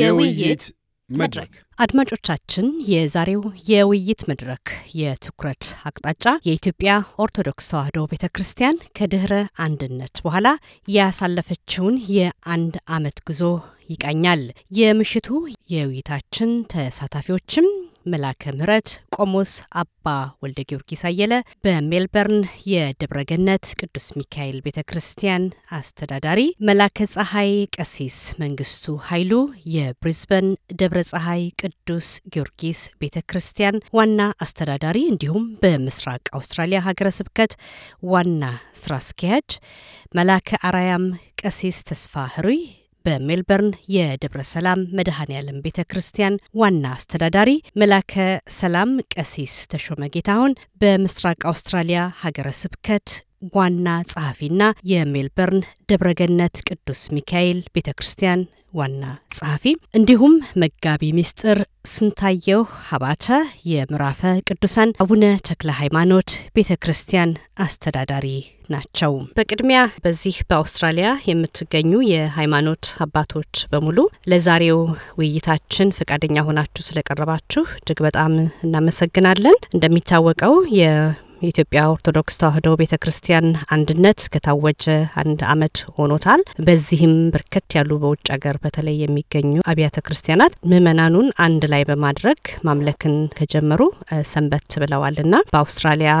የውይይት መድረክ አድማጮቻችን፣ የዛሬው የውይይት መድረክ የትኩረት አቅጣጫ የኢትዮጵያ ኦርቶዶክስ ተዋሕዶ ቤተ ክርስቲያን ከድኅረ አንድነት በኋላ ያሳለፈችውን የአንድ ዓመት ጉዞ ይቃኛል። የምሽቱ የውይይታችን ተሳታፊዎችም መላከ ምሕረት ቆሞስ አባ ወልደ ጊዮርጊስ አየለ በሜልበርን የደብረገነት ቅዱስ ሚካኤል ቤተ ክርስቲያን አስተዳዳሪ፣ መላከ ፀሐይ ቀሲስ መንግስቱ ኃይሉ የብሪዝበን ደብረ ፀሐይ ቅዱስ ጊዮርጊስ ቤተ ክርስቲያን ዋና አስተዳዳሪ እንዲሁም በምስራቅ አውስትራሊያ ሀገረ ስብከት ዋና ስራ አስኪያጅ፣ መላከ አራያም ቀሲስ ተስፋ ህሩይ በሜልበርን የደብረ ሰላም መድኃኔ ዓለም ቤተ ክርስቲያን ዋና አስተዳዳሪ መላከ ሰላም ቀሲስ ተሾመ ጌታሁን በምስራቅ አውስትራሊያ ሀገረ ስብከት ዋና ጸሐፊና የሜልበርን ደብረገነት ቅዱስ ሚካኤል ቤተ ክርስቲያን ዋና ጸሐፊ እንዲሁም መጋቢ ምስጢር ስንታየው ሀባተ የምዕራፈ ቅዱሳን አቡነ ተክለ ሃይማኖት ቤተ ክርስቲያን አስተዳዳሪ ናቸው። በቅድሚያ በዚህ በአውስትራሊያ የምትገኙ የሃይማኖት አባቶች በሙሉ ለዛሬው ውይይታችን ፈቃደኛ ሆናችሁ ስለቀረባችሁ እጅግ በጣም እናመሰግናለን። እንደሚታወቀው የኢትዮጵያ ኦርቶዶክስ ተዋሕዶ ቤተ ክርስቲያን አንድነት ከታወጀ አንድ ዓመት ሆኖታል። በዚህም በርከት ያሉ በውጭ ሀገር በተለይ የሚገኙ አብያተ ክርስቲያናት ምእመናኑን አንድ ላይ በማድረግ ማምለክን ከጀመሩ ሰንበት ብለዋልና በአውስትራሊያ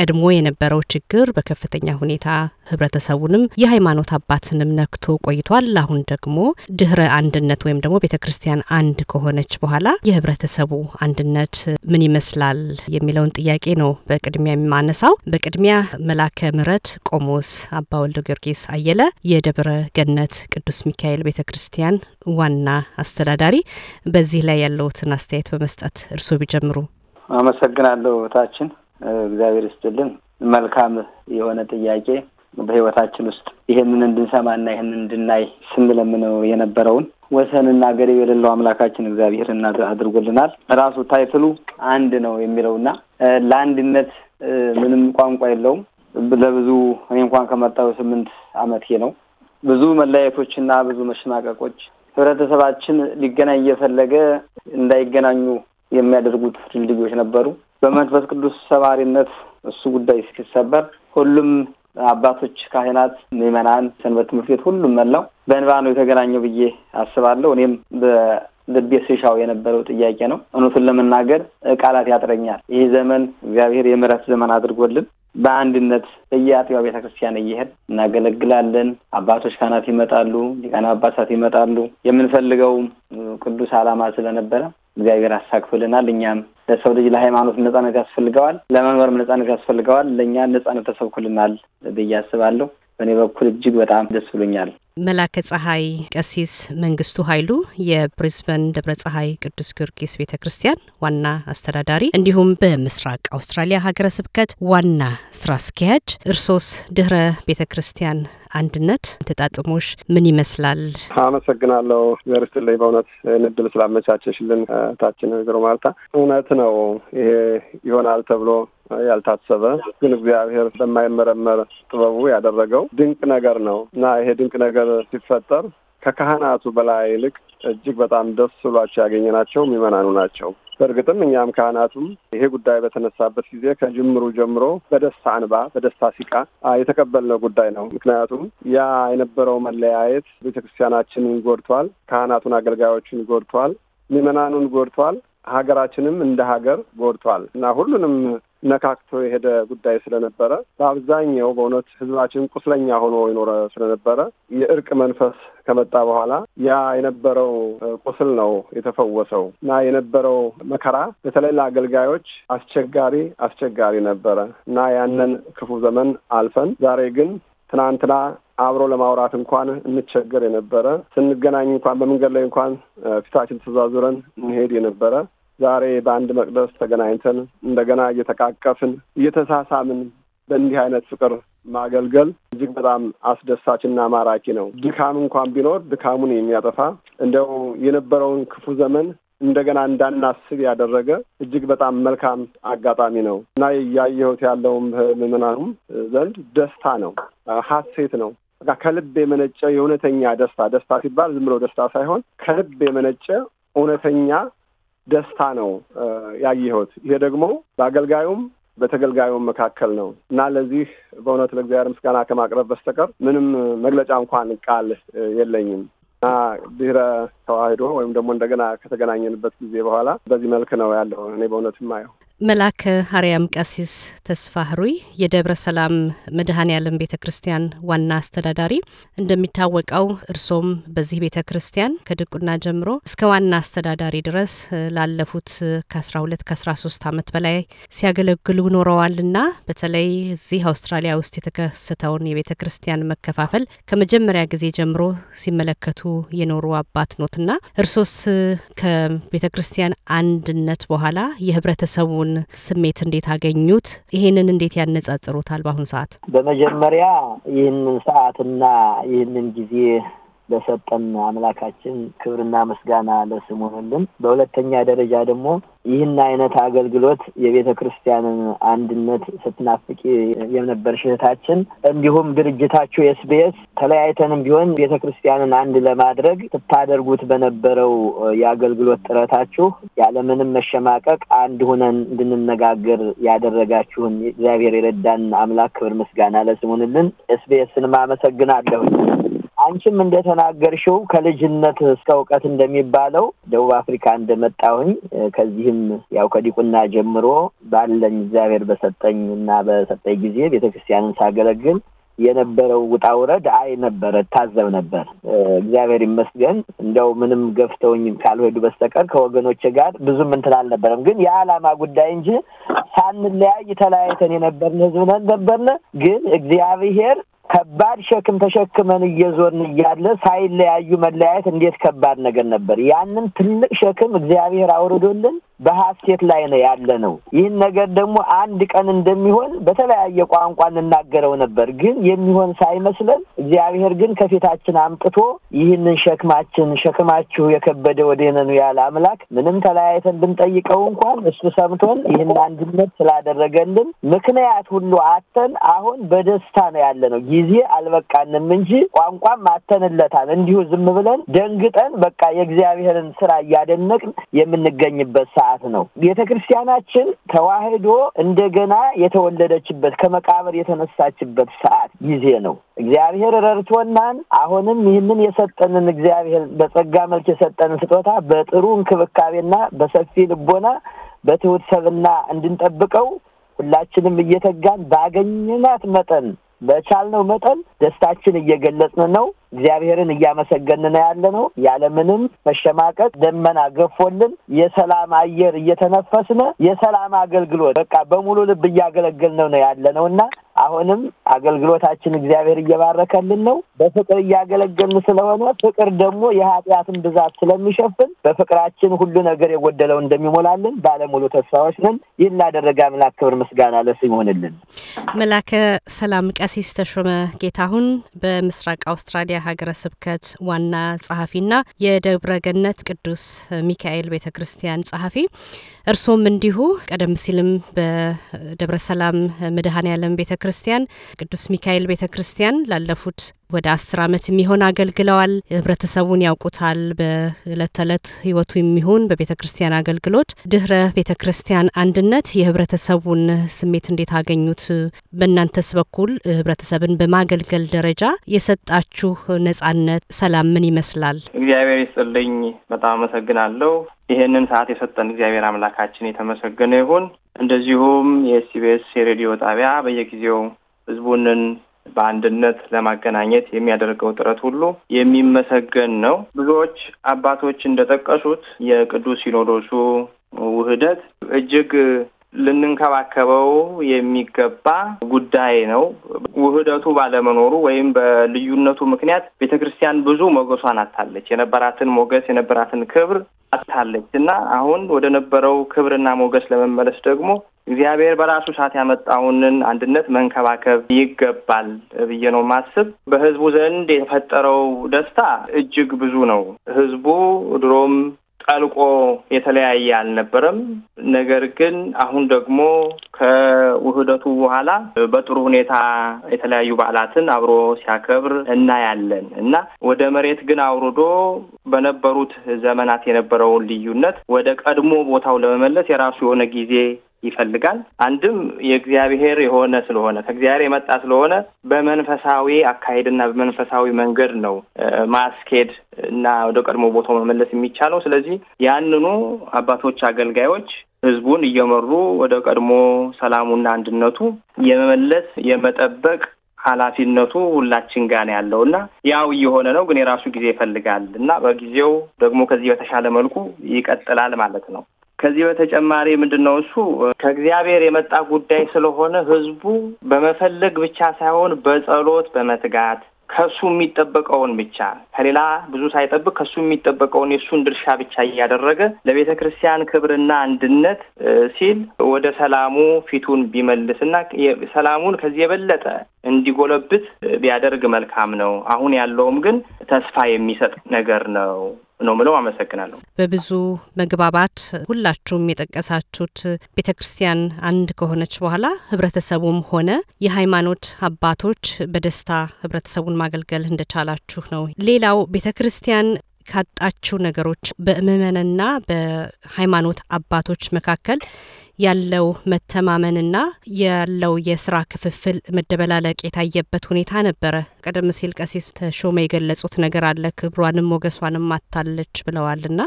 ቀድሞ የነበረው ችግር በከፍተኛ ሁኔታ ህብረተሰቡንም የሃይማኖት አባትንም ነክቶ ቆይቷል። አሁን ደግሞ ድህረ አንድነት ወይም ደግሞ ቤተ ክርስቲያን አንድ ከሆነች በኋላ የህብረተሰቡ አንድነት ምን ይመስላል የሚለውን ጥያቄ ነው በቅድሚያ የማነሳው። በቅድሚያ መላከ ምረት ቆሞስ አባ ወልደ ጊዮርጊስ አየለ የደብረ ገነት ቅዱስ ሚካኤል ቤተ ክርስቲያን ዋና አስተዳዳሪ፣ በዚህ ላይ ያለውትን አስተያየት በመስጠት እርስዎ ቢጀምሩ። አመሰግናለሁ። ታችን እግዚአብሔር ይስጥልን። መልካም የሆነ ጥያቄ በህይወታችን ውስጥ ይሄንን እንድንሰማና ይህንን እንድናይ ስንለምነው የነበረውን ወሰንና ገደብ የሌለው አምላካችን እግዚአብሔር እና አድርጎልናል። ራሱ ታይትሉ አንድ ነው የሚለውና ለአንድነት ምንም ቋንቋ የለውም። ለብዙ እኔ እንኳን ከመጣው ስምንት አመት ነው። ብዙ መለያየቶችና ብዙ መሸማቀቆች ህብረተሰባችን ሊገናኝ እየፈለገ እንዳይገናኙ የሚያደርጉት ድልድዮች ነበሩ። በመንፈስ ቅዱስ ሰባሪነት እሱ ጉዳይ ሲሰበር ሁሉም አባቶች፣ ካህናት፣ ምዕመናን፣ ሰንበት ትምህርት ቤት ሁሉም መላው በእንባ ነው የተገናኘው ብዬ አስባለሁ። እኔም በልቤ ስሻው የነበረው ጥያቄ ነው። እውነቱን ለመናገር ቃላት ያጥረኛል። ይህ ዘመን እግዚአብሔር የምሕረት ዘመን አድርጎልን በአንድነት በየአጥቢያው ቤተ ክርስቲያን እየሄድ እናገለግላለን። አባቶች ካህናት ይመጣሉ፣ ሊቃነ ጳጳሳት ይመጣሉ። የምንፈልገው ቅዱስ ዓላማ ስለነበረ እግዚአብሔር አሳክቶልናል። እኛም ለሰው ልጅ ለሃይማኖት ነጻነት ያስፈልገዋል፣ ለመኖርም ነጻነት ያስፈልገዋል። ለእኛ ነጻነት ተሰብኩልናል ብዬ አስባለሁ። በእኔ በኩል እጅግ በጣም ደስ ብሎኛል። መላከ ፀሐይ ቀሲስ መንግስቱ ኃይሉ የብሪዝበን ደብረ ጸሐይ ቅዱስ ጊዮርጊስ ቤተ ክርስቲያን ዋና አስተዳዳሪ እንዲሁም በምስራቅ አውስትራሊያ ሀገረ ስብከት ዋና ስራ አስኪያጅ፣ እርሶስ ድህረ ቤተ ክርስቲያን አንድነት ተጣጥሞሽ ምን ይመስላል? አመሰግናለሁ። እግዚአብሔር በእውነት ንድል ስላመቻቸሽልን ታችን ወይዘሮ ማርታ። እውነት ነው ይሄ ይሆናል ተብሎ ያልታሰበ ግን እግዚአብሔር በማይመረመር ጥበቡ ያደረገው ድንቅ ነገር ነው እና ይሄ ድንቅ ነገር ሲፈጠር ከካህናቱ በላይ ይልቅ እጅግ በጣም ደስ ብሏቸው ያገኘናቸው የሚመናኑ ናቸው። በእርግጥም እኛም ካህናቱም ይሄ ጉዳይ በተነሳበት ጊዜ ከጅምሩ ጀምሮ በደስታ እንባ፣ በደስታ ሲቃ የተቀበልነው ጉዳይ ነው። ምክንያቱም ያ የነበረው መለያየት ቤተክርስቲያናችንን ጎድቷል፣ ካህናቱን አገልጋዮችን ጎድቷል፣ ምዕመናኑን ጎድቷል። ሀገራችንም እንደ ሀገር ጎድቷል እና ሁሉንም ነካክቶ የሄደ ጉዳይ ስለነበረ በአብዛኛው በእውነት ህዝባችን ቁስለኛ ሆኖ ይኖረ ስለነበረ የእርቅ መንፈስ ከመጣ በኋላ ያ የነበረው ቁስል ነው የተፈወሰው እና የነበረው መከራ በተለይ ለአገልጋዮች አስቸጋሪ አስቸጋሪ ነበረ እና ያንን ክፉ ዘመን አልፈን ዛሬ ግን ትናንትና አብሮ ለማውራት እንኳን እንቸገር የነበረ ስንገናኝ እንኳን በመንገድ ላይ እንኳን ፊታችን ተዛዙረን እንሄድ የነበረ ዛሬ በአንድ መቅደስ ተገናኝተን እንደገና እየተቃቀፍን እየተሳሳምን በእንዲህ አይነት ፍቅር ማገልገል እጅግ በጣም አስደሳችና ማራኪ ነው። ድካም እንኳን ቢኖር ድካሙን የሚያጠፋ እንደው የነበረውን ክፉ ዘመን እንደገና እንዳናስብ ያደረገ እጅግ በጣም መልካም አጋጣሚ ነው እና እያየሁት ያለውም ምዕመናኑም ዘንድ ደስታ ነው፣ ሀሴት ነው። ከልብ የመነጨ የእውነተኛ ደስታ ደስታ ሲባል ዝም ብሎ ደስታ ሳይሆን ከልብ የመነጨ እውነተኛ ደስታ ነው ያየሁት። ይሄ ደግሞ በአገልጋዩም በተገልጋዩም መካከል ነው እና ለዚህ በእውነት ለእግዚአብሔር ምስጋና ከማቅረብ በስተቀር ምንም መግለጫ እንኳን ቃል የለኝም እና ድህረ ተዋህዶ ወይም ደግሞ እንደገና ከተገናኘንበት ጊዜ በኋላ በዚህ መልክ ነው ያለው እኔ በእውነት ማየው። መላከ ሀሪያም ቀሲስ ተስፋ ህሩይ የደብረ ሰላም መድኃኔ ያለም ቤተ ክርስቲያን ዋና አስተዳዳሪ፣ እንደሚታወቀው እርሶም በዚህ ቤተ ክርስቲያን ከድቁና ጀምሮ እስከ ዋና አስተዳዳሪ ድረስ ላለፉት ከ12 ከ13 ዓመት በላይ ሲያገለግሉ ኖረዋልና በተለይ እዚህ አውስትራሊያ ውስጥ የተከሰተውን የቤተ ክርስቲያን መከፋፈል ከመጀመሪያ ጊዜ ጀምሮ ሲመለከቱ የኖሩ አባት ኖትና እርሶስ ከቤተ ክርስቲያን አንድነት በኋላ የህብረተሰቡን ስሜት እንዴት አገኙት? ይሄንን እንዴት ያነጻጽሩታል? በአሁኑ ሰዓት በመጀመሪያ ይህንን ሰዓትና ይህንን ጊዜ ለሰጠን አምላካችን ክብርና ምስጋና ለስሙ ይሁንልን። በሁለተኛ ደረጃ ደግሞ ይህን አይነት አገልግሎት የቤተ ክርስቲያንን አንድነት ስትናፍቂ የነበርሽ እህታችን፣ እንዲሁም ድርጅታችሁ ኤስቢኤስ ተለያይተንም ቢሆን ቤተ ክርስቲያንን አንድ ለማድረግ ስታደርጉት በነበረው የአገልግሎት ጥረታችሁ ያለምንም መሸማቀቅ አንድ ሆነን እንድንነጋገር ያደረጋችሁን እግዚአብሔር የረዳን አምላክ ክብር ምስጋና ለስሙንልን። ይሁንልን። ኤስቢኤስንም አመሰግናለሁ። አንቺም እንደተናገርሽው ከልጅነት እስከ እውቀት እንደሚባለው ደቡብ አፍሪካ እንደመጣሁኝ ከዚህም ያው ከዲቁና ጀምሮ ባለኝ እግዚአብሔር በሰጠኝ እና በሰጠኝ ጊዜ ቤተክርስቲያንን ሳገለግል የነበረው ውጣ ውረድ አይ ነበረ እታዘብ ነበር። እግዚአብሔር ይመስገን እንደው ምንም ገፍተውኝ ካልሄዱ በስተቀር ከወገኖች ጋር ብዙም እንትን አልነበረም። ግን የዓላማ ጉዳይ እንጂ ሳንለያይ ተለያይተን የነበርን ህዝብ ነን ነበርን። ግን እግዚአብሔር ከባድ ሸክም ተሸክመን እየዞርን እያለ ሳይለያዩ መለያየት እንዴት ከባድ ነገር ነበር። ያንን ትልቅ ሸክም እግዚአብሔር አውርዶልን በሀሴት ላይ ነው ያለ ነው። ይህን ነገር ደግሞ አንድ ቀን እንደሚሆን በተለያየ ቋንቋ እንናገረው ነበር፣ ግን የሚሆን ሳይመስለን እግዚአብሔር ግን ከፊታችን አምጥቶ ይህንን ሸክማችን ሸክማችሁ የከበደ ወደነ ነው ያለ አምላክ ምንም ተለያየተን ብንጠይቀው እንኳን እሱ ሰምቶን ይህን አንድነት ስላደረገልን ምክንያት ሁሉ አተን አሁን በደስታ ነው ያለ ነው። ጊዜ አልበቃንም እንጂ ቋንቋም አተንለታል። እንዲሁ ዝም ብለን ደንግጠን በቃ የእግዚአብሔርን ስራ እያደነቅን የምንገኝበት ሰዓት ነው። ቤተ ክርስቲያናችን ተዋህዶ እንደገና የተወለደችበት ከመቃብር የተነሳችበት ሰዓት ጊዜ ነው። እግዚአብሔር ረድቶናን አሁንም ይህንን የሰጠንን እግዚአብሔር በጸጋ መልክ የሰጠንን ስጦታ በጥሩ እንክብካቤና በሰፊ ልቦና በትሑት ሰብና እንድንጠብቀው ሁላችንም እየተጋን ባገኘናት መጠን በቻልነው መጠን ደስታችን እየገለጽን ነው። እግዚአብሔርን እያመሰገንን ያለ ነው። ያለምንም መሸማቀቅ ደመና ገፎልን የሰላም አየር እየተነፈስነ የሰላም አገልግሎት በቃ በሙሉ ልብ እያገለገልነው ነው ያለ ነው እና አሁንም አገልግሎታችን እግዚአብሔር እየባረከልን ነው። በፍቅር እያገለገልን ስለሆነ ፍቅር ደግሞ የኃጢአትን ብዛት ስለሚሸፍን በፍቅራችን ሁሉ ነገር የጎደለው እንደሚሞላልን ባለሙሉ ተስፋዎች ነን። ይህን ላደረገ አምላክ ክብር ምስጋና ለስ ይሆንልን። መላከ ሰላም ቀሲስ ተሾመ ጌታሁን በምስራቅ አውስትራሊያ ሀገረ ስብከት ዋና ጸሐፊና የደብረ ገነት ቅዱስ ሚካኤል ቤተ ክርስቲያን ጸሐፊ፣ እርሶም እንዲሁ ቀደም ሲልም በደብረ ሰላም መድኃኔ ዓለም ቤተ ክርስቲያን ቅዱስ ሚካኤል ቤተ ክርስቲያን ላለፉት ወደ አስር አመት የሚሆን አገልግለዋል። ህብረተሰቡን ያውቁታል። በእለት ተዕለት ህይወቱ የሚሆን በቤተ ክርስቲያን አገልግሎት ድህረ ቤተ ክርስቲያን አንድነት የህብረተሰቡን ስሜት እንዴት አገኙት? በእናንተስ በኩል ህብረተሰብን በማገልገል ደረጃ የሰጣችሁ ነጻነት፣ ሰላም ምን ይመስላል? እግዚአብሔር ይስጥልኝ። በጣም አመሰግናለሁ። ይህንን ሰዓት የሰጠን እግዚአብሔር አምላካችን የተመሰገነ ይሁን። እንደዚሁም የኤስቢኤስ የሬዲዮ ጣቢያ በየጊዜው ህዝቡንን በአንድነት ለማገናኘት የሚያደርገው ጥረት ሁሉ የሚመሰገን ነው። ብዙዎች አባቶች እንደጠቀሱት የቅዱስ ሲኖዶሱ ውህደት እጅግ ልንንከባከበው የሚገባ ጉዳይ ነው። ውህደቱ ባለመኖሩ ወይም በልዩነቱ ምክንያት ቤተ ክርስቲያን ብዙ ሞገሷን አታለች። የነበራትን ሞገስ የነበራትን ክብር አታለች እና አሁን ወደ ነበረው ክብርና ሞገስ ለመመለስ ደግሞ እግዚአብሔር በራሱ ሰዓት ያመጣውንን አንድነት መንከባከብ ይገባል ብዬ ነው ማስብ። በህዝቡ ዘንድ የተፈጠረው ደስታ እጅግ ብዙ ነው። ህዝቡ ድሮም ጠልቆ የተለያየ አልነበረም። ነገር ግን አሁን ደግሞ ከውህደቱ በኋላ በጥሩ ሁኔታ የተለያዩ በዓላትን አብሮ ሲያከብር እናያለን እና ወደ መሬት ግን አውርዶ በነበሩት ዘመናት የነበረውን ልዩነት ወደ ቀድሞ ቦታው ለመመለስ የራሱ የሆነ ጊዜ ይፈልጋል። አንድም የእግዚአብሔር የሆነ ስለሆነ ከእግዚአብሔር የመጣ ስለሆነ በመንፈሳዊ አካሄድና በመንፈሳዊ መንገድ ነው ማስኬድ እና ወደ ቀድሞ ቦታው መመለስ የሚቻለው። ስለዚህ ያንኑ አባቶች አገልጋዮች ህዝቡን እየመሩ ወደ ቀድሞ ሰላሙና አንድነቱ የመመለስ የመጠበቅ ኃላፊነቱ ሁላችን ጋር ነው ያለው እና ያው እየሆነ ነው፣ ግን የራሱ ጊዜ ይፈልጋል እና በጊዜው ደግሞ ከዚህ በተሻለ መልኩ ይቀጥላል ማለት ነው። ከዚህ በተጨማሪ ምንድን ነው እሱ ከእግዚአብሔር የመጣ ጉዳይ ስለሆነ ህዝቡ በመፈለግ ብቻ ሳይሆን በጸሎት በመትጋት ከሱ የሚጠበቀውን ብቻ ከሌላ ብዙ ሳይጠብቅ ከሱ የሚጠበቀውን የእሱን ድርሻ ብቻ እያደረገ ለቤተ ክርስቲያን ክብርና አንድነት ሲል ወደ ሰላሙ ፊቱን ቢመልስና ሰላሙን ከዚህ የበለጠ እንዲጎለብት ቢያደርግ መልካም ነው። አሁን ያለውም ግን ተስፋ የሚሰጥ ነገር ነው ነው ምለው። አመሰግናለሁ። በብዙ መግባባት ሁላችሁም የጠቀሳችሁት ቤተ ክርስቲያን አንድ ከሆነች በኋላ ህብረተሰቡም ሆነ የሃይማኖት አባቶች በደስታ ህብረተሰቡን ማገልገል እንደቻላችሁ ነው። ሌላው ቤተ ክርስቲያን ካጣችው ነገሮች በምእመንና በሃይማኖት አባቶች መካከል ያለው መተማመንና ያለው የስራ ክፍፍል መደበላለቅ የታየበት ሁኔታ ነበረ። ቀደም ሲል ቀሲስ ተሾመ የገለጹት ነገር አለ። ክብሯንም ሞገሷንም አታለች ና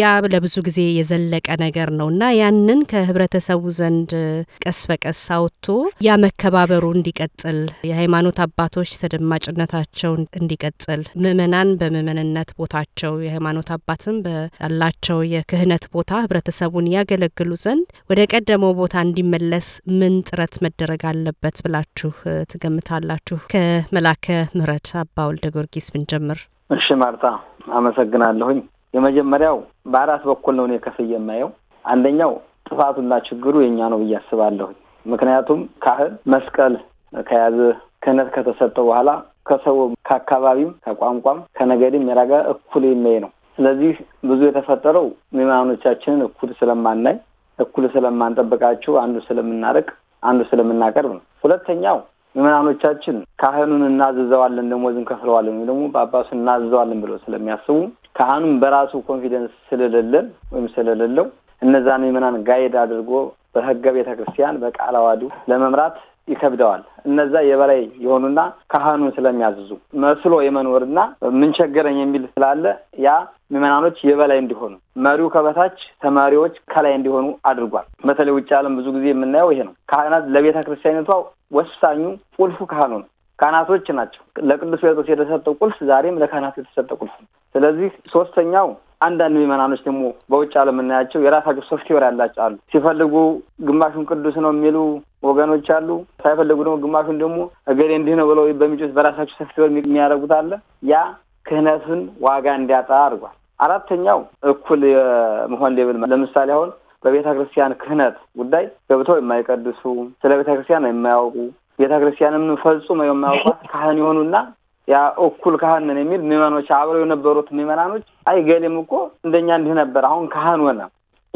ያ ለብዙ ጊዜ የዘለቀ ነገር እና ያንን ከህብረተሰቡ ዘንድ ቀስ በቀስ አውጥቶ ያ መከባበሩ እንዲቀጥል የሃይማኖት አባቶች ተደማጭነታቸው እንዲቀጥል ምእመናን በምእመንነት ቦታቸው የሃይማኖት አባትም በላቸው የክህነት ቦታ ህብረተሰቡን ያገለግሉ ዘንድ ወደ ቀደመው ቦታ እንዲመለስ ምን ጥረት መደረግ አለበት ብላችሁ ትገምታላችሁ? ከመላከ ምህረት አባ ወልደ ጊዮርጊስ ብንጀምር። እሺ ማርታ አመሰግናለሁኝ። የመጀመሪያው በአራት በኩል ነው እኔ ከፍዬ የማየው። አንደኛው ጥፋቱና ችግሩ የኛ ነው ብዬ አስባለሁኝ። ምክንያቱም ካህን መስቀል ከያዘ ክህነት ከተሰጠው በኋላ ከሰው ከአካባቢም ከቋንቋም ከነገድም የራቀ እኩል የሚያይ ነው። ስለዚህ ብዙ የተፈጠረው ምዕመናኖቻችንን እኩል ስለማናይ እኩል ስለማንጠብቃችሁ አንዱ ስለምናርቅ አንዱ ስለምናቀርብ ነው። ሁለተኛው ምዕመናኖቻችን ካህኑን እናዝዘዋለን ደሞዝ እንከፍለዋለን ወይም ደግሞ ጳጳሱ እናዝዘዋለን ብለው ስለሚያስቡ ካህኑን በራሱ ኮንፊደንስ ስለሌለን ወይም ስለሌለው እነዛን ምዕመናን ጋይድ አድርጎ በህገ ቤተ ክርስቲያን በቃለ አዋዱ ለመምራት ይከብደዋል። እነዛ የበላይ የሆኑና ካህኑን ስለሚያዝዙ መስሎ የመኖርና ምንቸገረኝ የሚል ስላለ ያ ምዕመናኖች የበላይ እንዲሆኑ መሪው ከበታች ተማሪዎች ከላይ እንዲሆኑ አድርጓል። በተለይ ውጭ ዓለም ብዙ ጊዜ የምናየው ይሄ ነው። ካህናት ለቤተ ክርስቲያኒቷ ወሳኙ ቁልፉ ካህኑ ነው። ካህናቶች ናቸው። ለቅዱስ ጴጥሮስ የተሰጠው ቁልፍ ዛሬም ለካህናት የተሰጠ ቁልፍ ነው። ስለዚህ ሶስተኛው አንዳንድ ምዕመናኖች ደግሞ በውጭ ዓለም የምናያቸው የራሳቸው ሶፍትዌር ያላቸው አሉ። ሲፈልጉ ግማሹን ቅዱስ ነው የሚሉ ወገኖች አሉ። ሳይፈልጉ ደግሞ ግማሹን ደግሞ እገሌ እንዲህ ነው ብለው በሚጮት በራሳቸው ሶፍትዌር የሚያደርጉት አለ። ያ ክህነትን ዋጋ እንዲያጣ አድርጓል። አራተኛው እኩል የመሆን ሌብል ለምሳሌ አሁን በቤተ ክርስቲያን ክህነት ጉዳይ ገብተው የማይቀድሱ ስለ ቤተ ክርስቲያን የማያውቁ ቤተ ክርስቲያንም ፈጽሞ የማያውቋት ካህን የሆኑና ያ እኩል ካህን ምን የሚል ምዕመኖች አብረው የነበሩት ምዕመናኖች አይ ገሌም እኮ እንደኛ እንዲህ ነበር አሁን ካህን ሆነ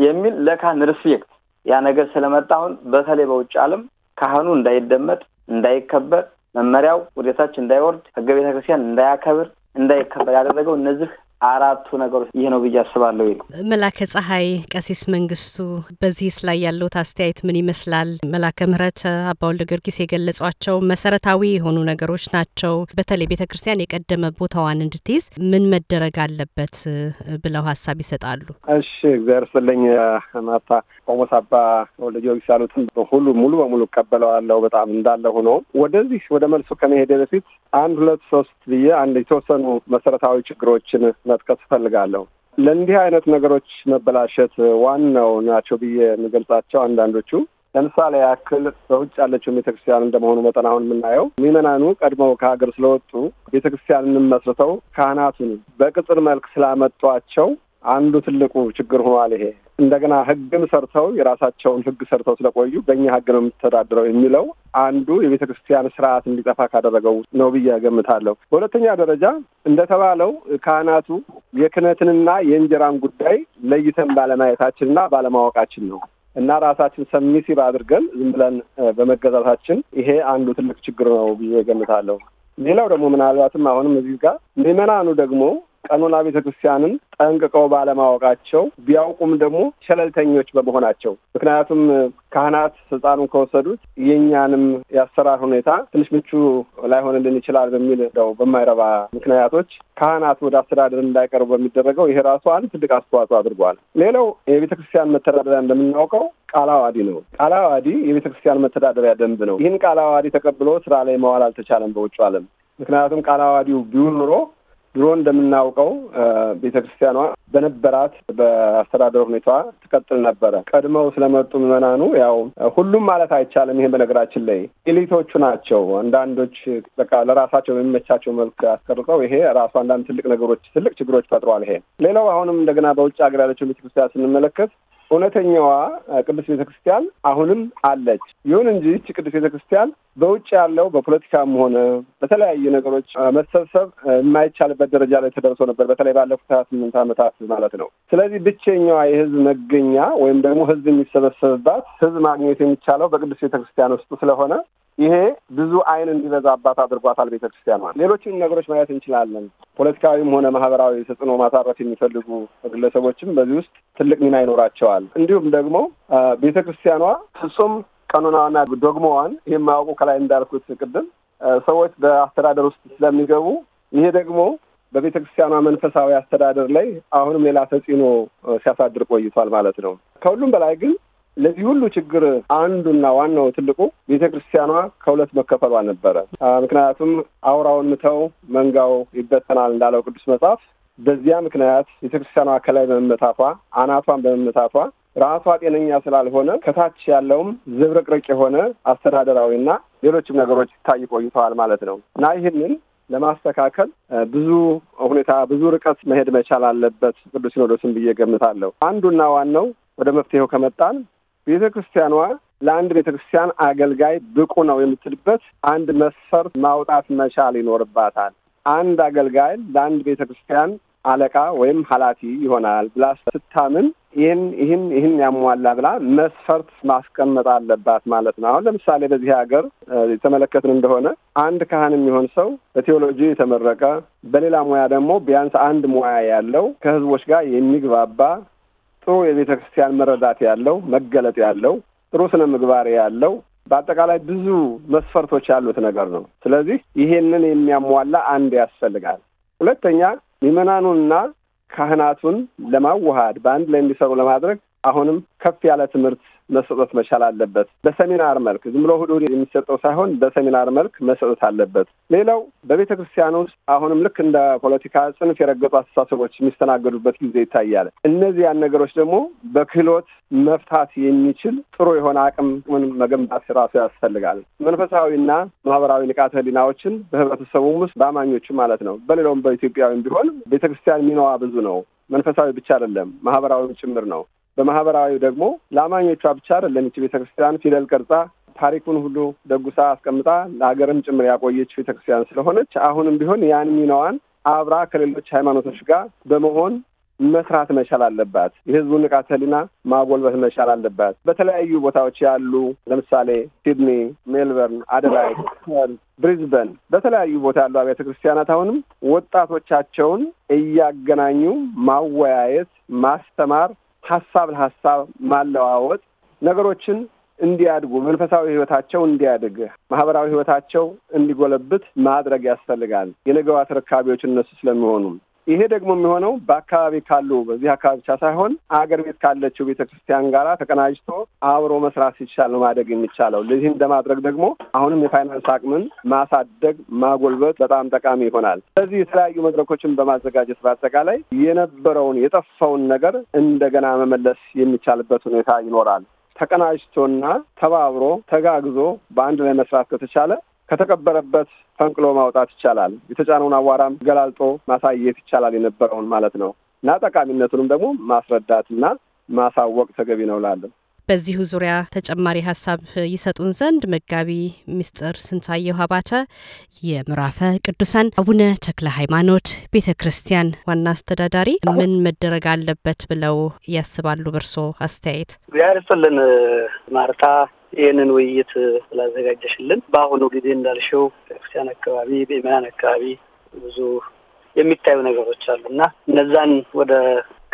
የሚል ለካህን ሪስፔክት ያ ነገር ስለመጣ አሁን በተለይ በውጭ ዓለም ካህኑ እንዳይደመጥ እንዳይከበር መመሪያው ወደታች እንዳይወርድ ህገ ቤተክርስቲያን እንዳያከብር እንዳይከበር ያደረገው እነዚህ አራቱ ነገሮች ይህ ነው ብዬ አስባለሁ ይሉ መላከ ፀሐይ ቀሲስ መንግስቱ በዚህስ ላይ ያለውት አስተያየት ምን ይመስላል? መላከ ምህረት አባ ወልደ ጊዮርጊስ የገለጿቸው መሰረታዊ የሆኑ ነገሮች ናቸው። በተለይ ቤተ ክርስቲያን የቀደመ ቦታዋን እንድትይዝ ምን መደረግ አለበት ብለው ሀሳብ ይሰጣሉ? እሺ፣ እግዚአብሔር ይስጥልኝ ማታ ቆሞስ አባ ወልደ ያሉትን ሁሉ ሙሉ በሙሉ እቀበለዋለሁ። በጣም እንዳለ ሆኖ ወደዚህ ወደ መልሱ ከመሄደ በፊት አንድ ሁለት ሶስት ብዬ አንድ የተወሰኑ መሰረታዊ ችግሮችን መጥቀስ እፈልጋለሁ። ለእንዲህ አይነት ነገሮች መበላሸት ዋናው ናቸው ብዬ የምገልጻቸው አንዳንዶቹ ለምሳሌ ያክል በውጭ ያለችው ቤተክርስቲያን እንደመሆኑ መጠን አሁን የምናየው ምዕመናኑ ቀድመው ከሀገር ስለወጡ ቤተክርስቲያንን መስርተው ካህናቱን በቅጽር መልክ ስላመጧቸው አንዱ ትልቁ ችግር ሆኗል። ይሄ እንደገና ህግም ሰርተው የራሳቸውን ህግ ሰርተው ስለቆዩ በእኛ ህግ ነው የምተዳድረው የሚለው አንዱ የቤተ ክርስቲያን ስርዓት እንዲጠፋ ካደረገው ነው ብዬ እገምታለሁ። በሁለተኛ ደረጃ እንደተባለው ካህናቱ የክህነትንና የእንጀራን ጉዳይ ለይተን ባለማየታችንና ባለማወቃችን ነው እና ራሳችን ሰሚሲቭ አድርገን ዝም ብለን በመገዛታችን ይሄ አንዱ ትልቅ ችግር ነው ብዬ እገምታለሁ። ሌላው ደግሞ ምናልባትም አሁንም እዚህ ጋር ምዕመናኑ ደግሞ ቀኑና ቤተክርስቲያንን ጠንቅቀው ባለማወቃቸው ቢያውቁም ደግሞ ሸለልተኞች በመሆናቸው ምክንያቱም ካህናት ስልጣኑን ከወሰዱት የእኛንም የአሰራር ሁኔታ ትንሽ ምቹ ላይሆንልን ይችላል በሚል ው በማይረባ ምክንያቶች ካህናት ወደ አስተዳደር እንዳይቀርቡ በሚደረገው ይሄ ራሱ አንድ ትልቅ አስተዋጽኦ አድርጓል። ሌላው የቤተ ክርስቲያን መተዳደሪያ እንደምናውቀው ቃለ አዋዲ ነው። ቃለ አዋዲ የቤተ ክርስቲያን መተዳደሪያ ደንብ ነው። ይህን ቃለ አዋዲ ተቀብሎ ስራ ላይ መዋል አልተቻለም በውጭ ዓለም። ምክንያቱም ቃለ አዋዲው ቢውል ኑሮ ድሮ እንደምናውቀው ቤተ ክርስቲያኗ በነበራት በአስተዳደር ሁኔታ ትቀጥል ነበረ። ቀድመው ስለመጡ ምዕመናኑ ያው ሁሉም ማለት አይቻልም። ይሄን በነገራችን ላይ ኤሊቶቹ ናቸው። አንዳንዶች በቃ ለራሳቸው በሚመቻቸው መልክ አስቀርጠው ይሄ ራሱ አንዳንድ ትልቅ ነገሮች ትልቅ ችግሮች ፈጥሯል። ይሄ ሌላው አሁንም እንደገና በውጭ ሀገር ያለችው ቤተክርስቲያን ስንመለከት እውነተኛዋ ቅዱስ ቤተ ክርስቲያን አሁንም አለች። ይሁን እንጂ ይቺ ቅዱስ ቤተ ክርስቲያን በውጭ ያለው በፖለቲካም ሆነ በተለያዩ ነገሮች መሰብሰብ የማይቻልበት ደረጃ ላይ ተደርሶ ነበር፣ በተለይ ባለፉት ሀያ ስምንት ዓመታት ማለት ነው። ስለዚህ ብቸኛዋ የህዝብ መገኛ ወይም ደግሞ ህዝብ የሚሰበሰብባት ህዝብ ማግኘት የሚቻለው በቅዱስ ቤተ ክርስቲያን ውስጥ ስለሆነ ይሄ ብዙ አይን እንዲበዛባት አድርጓታል ቤተክርስቲያኗ ክርስቲያኗን። ነገሮች ማየት እንችላለን። ፖለቲካዊም ሆነ ማህበራዊ ተጽዕኖ ማሳረፍ የሚፈልጉ ግለሰቦችም በዚህ ውስጥ ትልቅ ሚና ይኖራቸዋል። እንዲሁም ደግሞ ቤተ ክርስቲያኗ ፍጹም ቀኖናዋና ዶግማዋን የማያውቁ ከላይ እንዳልኩት ቅድም ሰዎች በአስተዳደር ውስጥ ስለሚገቡ ይሄ ደግሞ በቤተ ክርስቲያኗ መንፈሳዊ አስተዳደር ላይ አሁንም ሌላ ተጽዕኖ ሲያሳድር ቆይቷል ማለት ነው። ከሁሉም በላይ ግን ለዚህ ሁሉ ችግር አንዱና ዋናው ትልቁ ቤተ ክርስቲያኗ ከሁለት መከፈሏ ነበረ። ምክንያቱም አውራውን ምተው መንጋው ይበተናል እንዳለው ቅዱስ መጽሐፍ። በዚያ ምክንያት ቤተ ክርስቲያኗ ከላይ በመመታቷ አናቷን በመመታቷ ራሷ ጤነኛ ስላልሆነ ከታች ያለውም ዝብርቅርቅ የሆነ አስተዳደራዊና ሌሎችም ነገሮች ይታይ ቆይተዋል ማለት ነው እና ይህንን ለማስተካከል ብዙ ሁኔታ ብዙ ርቀት መሄድ መቻል አለበት ቅዱስ ሲኖዶስን ብዬ ገምታለሁ። አንዱና ዋናው ወደ መፍትሄው ከመጣን ቤተ ክርስቲያኗ ለአንድ ቤተ ክርስቲያን አገልጋይ ብቁ ነው የምትልበት አንድ መስፈርት ማውጣት መቻል ይኖርባታል። አንድ አገልጋይ ለአንድ ቤተ ክርስቲያን አለቃ ወይም ኃላፊ ይሆናል ብላ ስታምን ይህን ይህን ይህን ያሟላ ብላ መስፈርት ማስቀመጥ አለባት ማለት ነው። አሁን ለምሳሌ በዚህ ሀገር የተመለከትን እንደሆነ አንድ ካህን የሚሆን ሰው በቴዎሎጂ የተመረቀ፣ በሌላ ሙያ ደግሞ ቢያንስ አንድ ሙያ ያለው፣ ከህዝቦች ጋር የሚግባባ ጥሩ የቤተ ክርስቲያን መረዳት ያለው መገለጥ ያለው ጥሩ ስነ ምግባር ያለው በአጠቃላይ ብዙ መስፈርቶች ያሉት ነገር ነው። ስለዚህ ይሄንን የሚያሟላ አንድ ያስፈልጋል። ሁለተኛ ምዕመናኑንና ካህናቱን ለማዋሃድ በአንድ ላይ እንዲሰሩ ለማድረግ አሁንም ከፍ ያለ ትምህርት መሰጠት መቻል አለበት። በሰሚናር መልክ ዝም ብሎ እሑድ እሑድ የሚሰጠው ሳይሆን በሰሚናር መልክ መሰጠት አለበት። ሌላው በቤተ ክርስቲያን ውስጥ አሁንም ልክ እንደ ፖለቲካ ጽንፍ የረገጡ አስተሳሰቦች የሚስተናገዱበት ጊዜ ይታያል። እነዚያን ነገሮች ደግሞ በክህሎት መፍታት የሚችል ጥሩ የሆነ አቅም መገንባት ራሱ ያስፈልጋል። መንፈሳዊና ማህበራዊ ንቃተ ህሊናዎችን በህብረተሰቡም ውስጥ በአማኞቹ ማለት ነው፣ በሌላውም በኢትዮጵያዊም ቢሆን ቤተ ክርስቲያን ሚናዋ ብዙ ነው። መንፈሳዊ ብቻ አይደለም፣ ማህበራዊም ጭምር ነው። በማህበራዊ ደግሞ ለአማኞቿ ብቻ አይደለም ይቺ ቤተክርስቲያን ፊደል ቅርጻ ታሪኩን ሁሉ ደጉሳ አስቀምጣ ለሀገርም ጭምር ያቆየች ቤተክርስቲያን ስለሆነች አሁንም ቢሆን ያን ሚናዋን አብራ ከሌሎች ሃይማኖቶች ጋር በመሆን መስራት መቻል አለባት። የህዝቡን ንቃተ ህሊና ማጎልበት መቻል አለባት። በተለያዩ ቦታዎች ያሉ ለምሳሌ ሲድኒ፣ ሜልበርን፣ አደላይድ፣ ፐርዝ፣ ብሪዝበን በተለያዩ ቦታ ያሉ አብያተ ክርስቲያናት አሁንም ወጣቶቻቸውን እያገናኙ ማወያየት፣ ማስተማር ሀሳብ ለሀሳብ ማለዋወጥ ነገሮችን እንዲያድጉ መንፈሳዊ ህይወታቸው እንዲያድግ ማህበራዊ ህይወታቸው እንዲጎለብት ማድረግ ያስፈልጋል። የነገዋ ተረካቢዎች እነሱ ስለሚሆኑም ይሄ ደግሞ የሚሆነው በአካባቢ ካሉ በዚህ አካባቢ ብቻ ሳይሆን አገር ቤት ካለችው ቤተ ክርስቲያን ጋር ተቀናጅቶ አብሮ መስራት ሲቻል ማደግ የሚቻለው። ለዚህም ለማድረግ ደግሞ አሁንም የፋይናንስ አቅምን ማሳደግ ማጎልበት በጣም ጠቃሚ ይሆናል። ስለዚህ የተለያዩ መድረኮችን በማዘጋጀት በአጠቃላይ የነበረውን የጠፋውን ነገር እንደገና መመለስ የሚቻልበት ሁኔታ ይኖራል። ተቀናጅቶና ተባብሮ ተጋግዞ በአንድ ላይ መስራት ከተቻለ ከተቀበረበት ፈንቅሎ ማውጣት ይቻላል። የተጫነውን አዋራም ገላልጦ ማሳየት ይቻላል የነበረውን ማለት ነው እና ጠቃሚነቱንም ደግሞ ማስረዳትና ማሳወቅ ተገቢ ነው ላለን በዚሁ ዙሪያ ተጨማሪ ሀሳብ ይሰጡን ዘንድ መጋቢ ምስጢር ስንታየሁ አባተ የምዕራፈ ቅዱሳን አቡነ ተክለ ሃይማኖት ቤተ ክርስቲያን ዋና አስተዳዳሪ፣ ምን መደረግ አለበት ብለው ያስባሉ? በእርሶ አስተያየት ያርስልን ማርታ ይህንን ውይይት ስላዘጋጀሽልን። በአሁኑ ጊዜ እንዳልሽው ቤተክርስቲያን አካባቢ፣ በምዕመናን አካባቢ ብዙ የሚታዩ ነገሮች አሉ እና እነዛን ወደ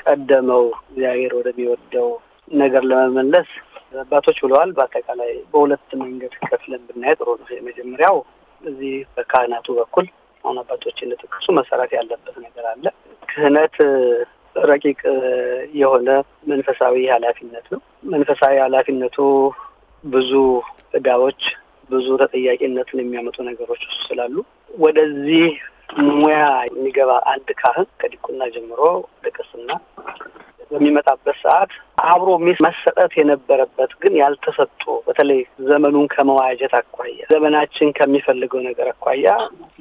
ቀደመው እግዚአብሔር ወደሚወደው ነገር ለመመለስ አባቶች ብለዋል። በአጠቃላይ በሁለት መንገድ ከፍለን ብናይ ጥሩ ነው። የመጀመሪያው እዚህ በካህናቱ በኩል አሁን አባቶች እንደጠቀሱ መሰራት ያለበት ነገር አለ። ክህነት ረቂቅ የሆነ መንፈሳዊ ኃላፊነት ነው። መንፈሳዊ ኃላፊነቱ ብዙ እዳዎች፣ ብዙ ተጠያቂነትን የሚያመጡ ነገሮች ውስጥ ስላሉ ወደዚህ ሙያ የሚገባ አንድ ካህን ከዲቁና ጀምሮ ቅስና በሚመጣበት ሰዓት አብሮ መሰጠት የነበረበት ግን ያልተሰጡ በተለይ ዘመኑን ከመዋጀት አኳያ ዘመናችን ከሚፈልገው ነገር አኳያ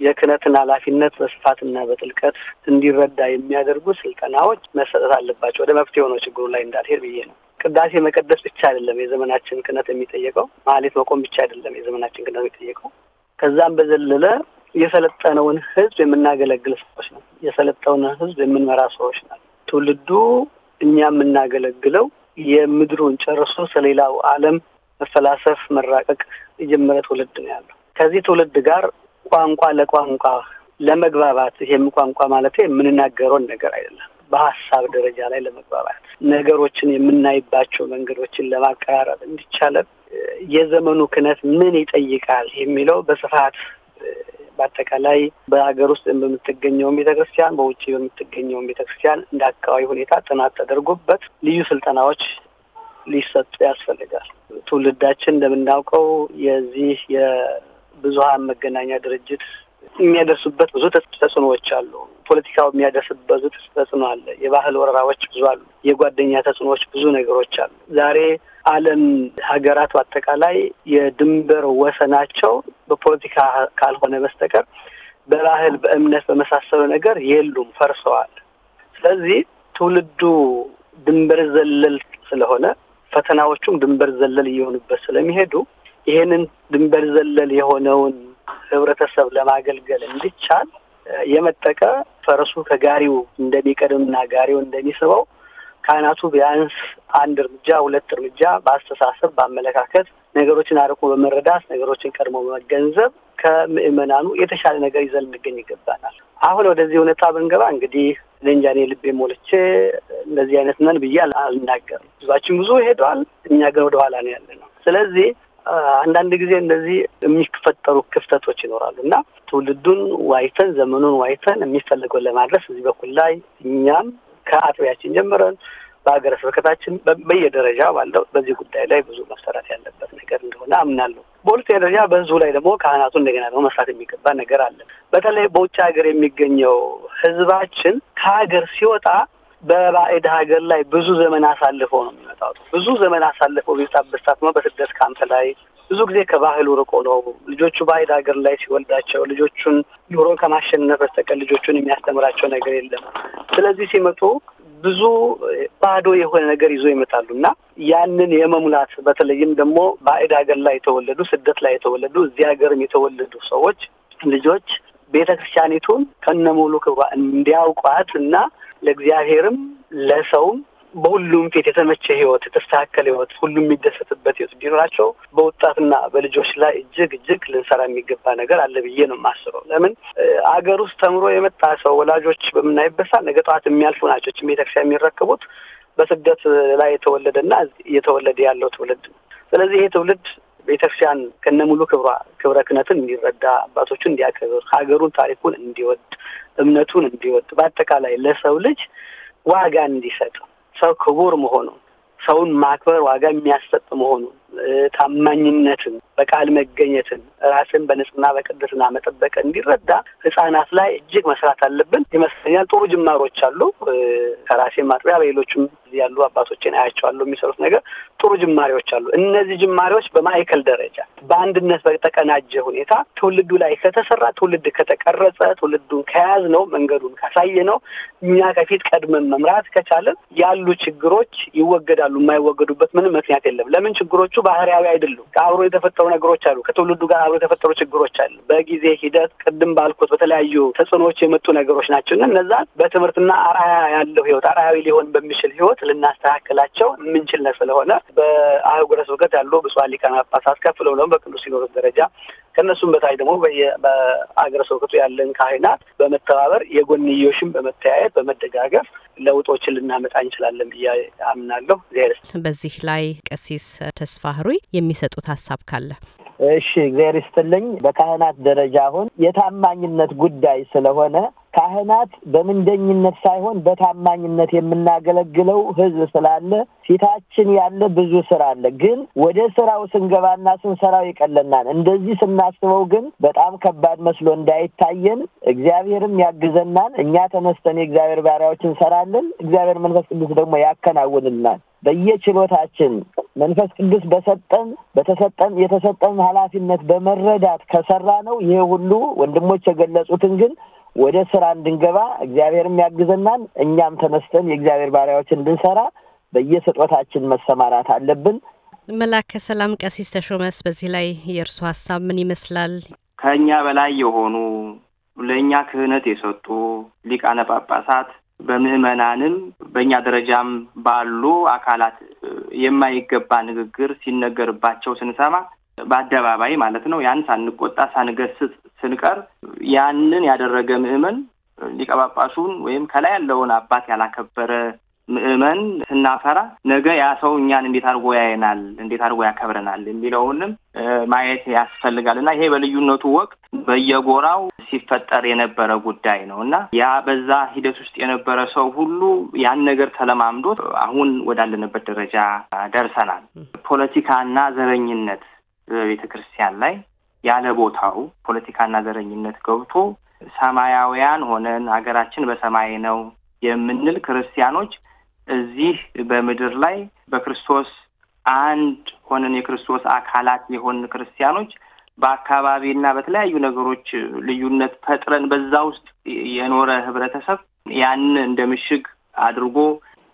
የክህነትን ኃላፊነት በስፋትና በጥልቀት እንዲረዳ የሚያደርጉ ስልጠናዎች መሰጠት አለባቸው። ወደ መፍትሄ ሆነው ችግሩ ላይ እንዳልሄድ ብዬ ነው። ቅዳሴ መቀደስ ብቻ አይደለም የዘመናችን ክህነት የሚጠየቀው፣ ማህሌት መቆም ብቻ አይደለም የዘመናችን ክህነት የሚጠየቀው። ከዛም በዘለለ የሰለጠነውን ህዝብ የምናገለግል ሰዎች ነው። የሰለጠነውን ህዝብ የምንመራ ሰዎች ናል። ትውልዱ እኛ የምናገለግለው የምድሩን ጨርሶ ስለሌላው ዓለም መፈላሰፍ መራቀቅ የጀመረ ትውልድ ነው ያለው። ከዚህ ትውልድ ጋር ቋንቋ ለቋንቋ ለመግባባት ይሄም ቋንቋ ማለት የምንናገረውን ነገር አይደለም በሀሳብ ደረጃ ላይ ለመግባባት ነገሮችን የምናይባቸው መንገዶችን ለማቀራረብ እንዲቻለን የዘመኑ ክነት ምን ይጠይቃል የሚለው በስፋት በአጠቃላይ በሀገር ውስጥ በምትገኘው ቤተክርስቲያን፣ በውጭ በምትገኘው ቤተክርስቲያን እንደ አካባቢ ሁኔታ ጥናት ተደርጎበት ልዩ ስልጠናዎች ሊሰጡ ያስፈልጋል። ትውልዳችን እንደምናውቀው የዚህ የብዙሀን መገናኛ ድርጅት የሚያደርሱበት ብዙ ተጽዕኖዎች አሉ። ፖለቲካው የሚያደርስበት ብዙ ተጽዕኖ አለ። የባህል ወረራዎች ብዙ አሉ። የጓደኛ ተጽዕኖዎች ብዙ ነገሮች አሉ። ዛሬ ዓለም ሀገራት በአጠቃላይ የድንበር ወሰናቸው በፖለቲካ ካልሆነ በስተቀር በባህል በእምነት፣ በመሳሰሉ ነገር የሉም፣ ፈርሰዋል። ስለዚህ ትውልዱ ድንበር ዘለል ስለሆነ ፈተናዎቹም ድንበር ዘለል እየሆኑበት ስለሚሄዱ ይሄንን ድንበር ዘለል የሆነውን ህብረተሰብ ለማገልገል እንዲቻል የመጠቀ ፈረሱ ከጋሪው እንደሚቀድምና ጋሪው እንደሚስበው ካህናቱ ቢያንስ አንድ እርምጃ ሁለት እርምጃ በአስተሳሰብ በአመለካከት ነገሮችን አርቆ በመረዳት ነገሮችን ቀድሞ በመገንዘብ ከምእመናኑ የተሻለ ነገር ይዘን ልገኝ ይገባናል። አሁን ወደዚህ እውነታ ብንገባ እንግዲህ ለእንጃኔ ልቤ ሞልቼ እንደዚህ አይነት ነን ብዬ አልናገርም። ህዝባችን ብዙ ሄደዋል፣ እኛ ግን ወደኋላ ነው ያለ ነው። ስለዚህ አንዳንድ ጊዜ እንደዚህ የሚፈጠሩ ክፍተቶች ይኖራሉ እና ትውልዱን ዋይተን ዘመኑን ዋይተን የሚፈለገውን ለማድረስ እዚህ በኩል ላይ እኛም ከአጥቢያችን ጀምረን በሀገረ ስብከታችን በየደረጃ ባለው በዚህ ጉዳይ ላይ ብዙ መሰራት ያለበት ነገር እንደሆነ አምናለሁ። በሁለተኛ ደረጃ በህዝቡ ላይ ደግሞ ካህናቱ እንደገና ደግሞ መስራት የሚገባ ነገር አለ። በተለይ በውጭ ሀገር የሚገኘው ህዝባችን ከሀገር ሲወጣ በባዕድ ሀገር ላይ ብዙ ዘመን አሳልፈው ነው የሚመጣው። ብዙ ዘመን አሳልፈው በስታት ነው በስደት ካምፕ ላይ ብዙ ጊዜ ከባህሉ ርቆ ነው። ልጆቹ ባዕድ ሀገር ላይ ሲወልዳቸው ልጆቹን ኑሮ ከማሸነፍ በስተቀር ልጆቹን የሚያስተምራቸው ነገር የለም። ስለዚህ ሲመጡ ብዙ ባዶ የሆነ ነገር ይዞ ይመጣሉ እና ያንን የመሙላት በተለይም ደግሞ ባዕድ ሀገር ላይ የተወለዱ ስደት ላይ የተወለዱ እዚህ ሀገርም የተወለዱ ሰዎች ልጆች ቤተ ክርስቲያኒቱን ከነ ሙሉ ክብሯ እንዲያውቋት እና ለእግዚአብሔርም ለሰውም በሁሉም ፊት የተመቸ ህይወት፣ የተስተካከለ ህይወት፣ ሁሉም የሚደሰትበት ህይወት እንዲኖራቸው በወጣትና በልጆች ላይ እጅግ እጅግ ልንሰራ የሚገባ ነገር አለ ብዬ ነው የማስበው። ለምን አገር ውስጥ ተምሮ የመጣ ሰው ወላጆች በምናይበሳ ነገ ጠዋት የሚያልፉ ናቸው። ችም ቤተክርስቲያን የሚረከቡት በስደት ላይ የተወለደና የተወለደ ያለው ትውልድ ነው። ስለዚህ ይሄ ትውልድ ቤተክርስቲያን ከነሙሉ ክብሯ ክብረ ክነትን እንዲረዳ አባቶቹን እንዲያከብር ሀገሩን ታሪኩን እንዲወድ እምነቱን እንዲወድ በአጠቃላይ ለሰው ልጅ ዋጋ እንዲሰጥ ሰው ክቡር መሆኑን ሰውን ማክበር ዋጋ የሚያሰጥ መሆኑን ታማኝነትን፣ በቃል መገኘትን፣ ራስን በንጽህና በቅድስና መጠበቅ እንዲረዳ ህጻናት ላይ እጅግ መስራት አለብን ይመስለኛል። ጥሩ ጅማሮች አሉ። ከራሴ ማጥቢያ በሌሎችም ያሉ አባቶችን አያቸዋለሁ የሚሰሩት ነገር ጥሩ ጅማሬዎች አሉ። እነዚህ ጅማሬዎች በማዕከል ደረጃ በአንድነት በተቀናጀ ሁኔታ ትውልዱ ላይ ከተሰራ፣ ትውልድ ከተቀረጸ፣ ትውልዱን ከያዝ ነው መንገዱን ካሳየ ነው እኛ ከፊት ቀድመን መምራት ከቻለን ያሉ ችግሮች ይወገዳሉ። የማይወገዱበት ምንም ምክንያት የለም። ለምን ችግሮች ባህሪያዊ አይደሉም። ከአብሮ የተፈጠሩ ነገሮች አሉ። ከትውልዱ ጋር አብሮ የተፈጠሩ ችግሮች አሉ። በጊዜ ሂደት ቅድም ባልኩት በተለያዩ ተጽዕኖዎች የመጡ ነገሮች ናቸው እና እነዛ በትምህርትና አርአያ ያለው ህይወት አርአያዊ ሊሆን በሚችል ህይወት ልናስተካክላቸው የምንችል ስለሆነ በአህጉረ ስብከት ያሉ ብፁዓን ሊቃነ ጳጳሳት ከፍ ብለው ደግሞ በቅዱስ ሲኖዶስ ደረጃ ከእነሱም በታች ደግሞ በአገረ ስብከቱ ያለን ካህናት በመተባበር የጎንዮሽን በመተያየት በመደጋገፍ ለውጦችን ልናመጣ እንችላለን ብዬ አምናለሁ። እግዚአብሔር በዚህ ላይ ቀሲስ ተስፋ ህሩይ የሚሰጡት ሀሳብ ካለ እሺ፣ እግዚአብሔር ይስጥልኝ። በካህናት ደረጃ አሁን የታማኝነት ጉዳይ ስለሆነ ካህናት በምንደኝነት ሳይሆን በታማኝነት የምናገለግለው ህዝብ ስላለ ፊታችን ያለ ብዙ ስራ አለ። ግን ወደ ስራው ስንገባና ስንሰራው ይቀለናል። እንደዚህ ስናስበው ግን በጣም ከባድ መስሎ እንዳይታየን እግዚአብሔርም ያግዘናል። እኛ ተነስተን የእግዚአብሔር ባሪያዎች እንሰራለን። እግዚአብሔር መንፈስ ቅዱስ ደግሞ ያከናውንልናል። በየችሎታችን መንፈስ ቅዱስ በሰጠን በተሰጠን የተሰጠን ኃላፊነት በመረዳት ከሰራ ነው ይሄ ሁሉ ወንድሞች የገለጹትን ግን ወደ ስራ እንድንገባ እግዚአብሔርም ያግዘናል። እኛም ተነስተን የእግዚአብሔር ባሪያዎች እንድንሰራ በየስጦታችን መሰማራት አለብን። መላከ ሰላም ቀሲስ ተሾመስ በዚህ ላይ የእርሱ ሀሳብ ምን ይመስላል? ከእኛ በላይ የሆኑ ለእኛ ክህነት የሰጡ ሊቃነ ጳጳሳት በምእመናንም በእኛ ደረጃም ባሉ አካላት የማይገባ ንግግር ሲነገርባቸው ስንሰማ በአደባባይ ማለት ነው። ያን ሳንቆጣ ሳንገስጽ ስንቀር ያንን ያደረገ ምዕመን ሊቀ ወይም ከላይ ያለውን አባት ያላከበረ ምዕመን ስናፈራ ነገ ያ ሰው እኛን እንዴት አድርጎ ያየናል፣ እንዴት አድርጎ ያከብረናል የሚለውንም ማየት ያስፈልጋል እና ይሄ በልዩነቱ ወቅት በየጎራው ሲፈጠር የነበረ ጉዳይ ነው እና ያ በዛ ሂደት ውስጥ የነበረ ሰው ሁሉ ያን ነገር ተለማምዶት አሁን ወዳለንበት ደረጃ ደርሰናል። ፖለቲካና ዘረኝነት በቤተ ክርስቲያን ላይ ያለ ቦታው ፖለቲካና ዘረኝነት ገብቶ ሰማያውያን ሆነን ሀገራችን በሰማይ ነው የምንል ክርስቲያኖች እዚህ በምድር ላይ በክርስቶስ አንድ ሆነን የክርስቶስ አካላት የሆን ክርስቲያኖች በአካባቢና በተለያዩ ነገሮች ልዩነት ፈጥረን በዛ ውስጥ የኖረ ህብረተሰብ ያን እንደ ምሽግ አድርጎ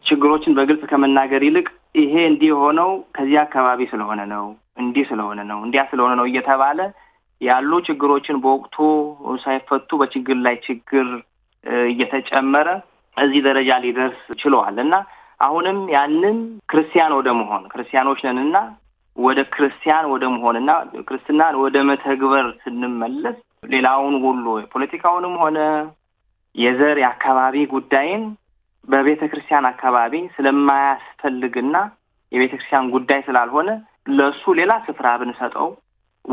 ችግሮችን በግልጽ ከመናገር ይልቅ ይሄ እንዲህ የሆነው ከዚህ አካባቢ ስለሆነ ነው እንዲህ ስለሆነ ነው እንዲያ ስለሆነ ነው እየተባለ ያሉ ችግሮችን በወቅቱ ሳይፈቱ በችግር ላይ ችግር እየተጨመረ እዚህ ደረጃ ሊደርስ ችለዋል እና አሁንም ያንን ክርስቲያን ወደ መሆን ክርስቲያኖች ነን እና ወደ ክርስቲያን ወደ መሆን እና ክርስትናን ወደ መተግበር ስንመለስ ሌላውን ሁሉ የፖለቲካውንም ሆነ የዘር የአካባቢ ጉዳይን በቤተ ክርስቲያን አካባቢ ስለማያስፈልግና የቤተ ክርስቲያን ጉዳይ ስላልሆነ ለእሱ ሌላ ስፍራ ብንሰጠው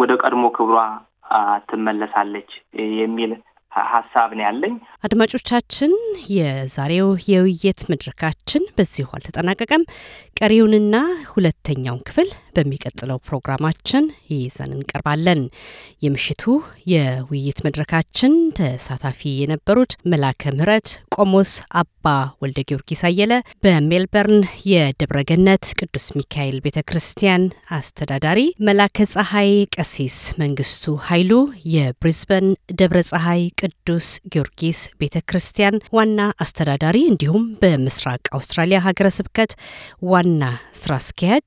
ወደ ቀድሞ ክብሯ ትመለሳለች የሚል ሀሳብ ነው ያለኝ። አድማጮቻችን፣ የዛሬው የውይይት መድረካችን በዚሁ አልተጠናቀቀም። ቀሪውንና ሁለተኛውን ክፍል በሚቀጥለው ፕሮግራማችን ይዘን እንቀርባለን። የምሽቱ የውይይት መድረካችን ተሳታፊ የነበሩት መላከ ምረት ቆሞስ አባ ወልደ ጊዮርጊስ አየለ በሜልበርን የደብረገነት ቅዱስ ሚካኤል ቤተ ክርስቲያን አስተዳዳሪ፣ መላከ ፀሐይ ቀሲስ መንግስቱ ኃይሉ የብሪዝበን ደብረ ፀሐይ ቅዱስ ጊዮርጊስ ቤተ ክርስቲያን ዋና አስተዳዳሪ እንዲሁም በምስራቅ አውስትራሊያ ሀገረ ስብከት ዋና ስራ አስኪያጅ፣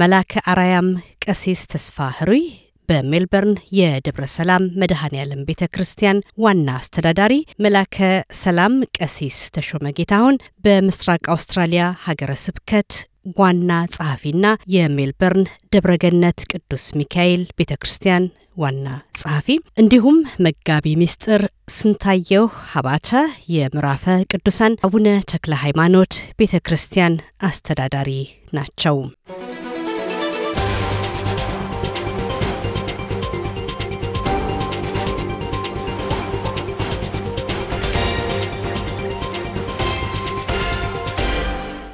መላ መላከ አራያም ቀሲስ ተስፋ ህሩይ በሜልበርን የደብረ ሰላም መድኃኔ ዓለም ቤተ ክርስቲያን ዋና አስተዳዳሪ፣ መላከ ሰላም ቀሲስ ተሾመ ጌታሁን በምስራቅ አውስትራሊያ ሀገረ ስብከት ዋና ጸሐፊና የሜልበርን ደብረገነት ቅዱስ ሚካኤል ቤተ ክርስቲያን ዋና ጸሐፊ እንዲሁም መጋቢ ምስጢር ስንታየው ሀባተ የምዕራፈ ቅዱሳን አቡነ ተክለ ሃይማኖት ቤተ ክርስቲያን አስተዳዳሪ ናቸው።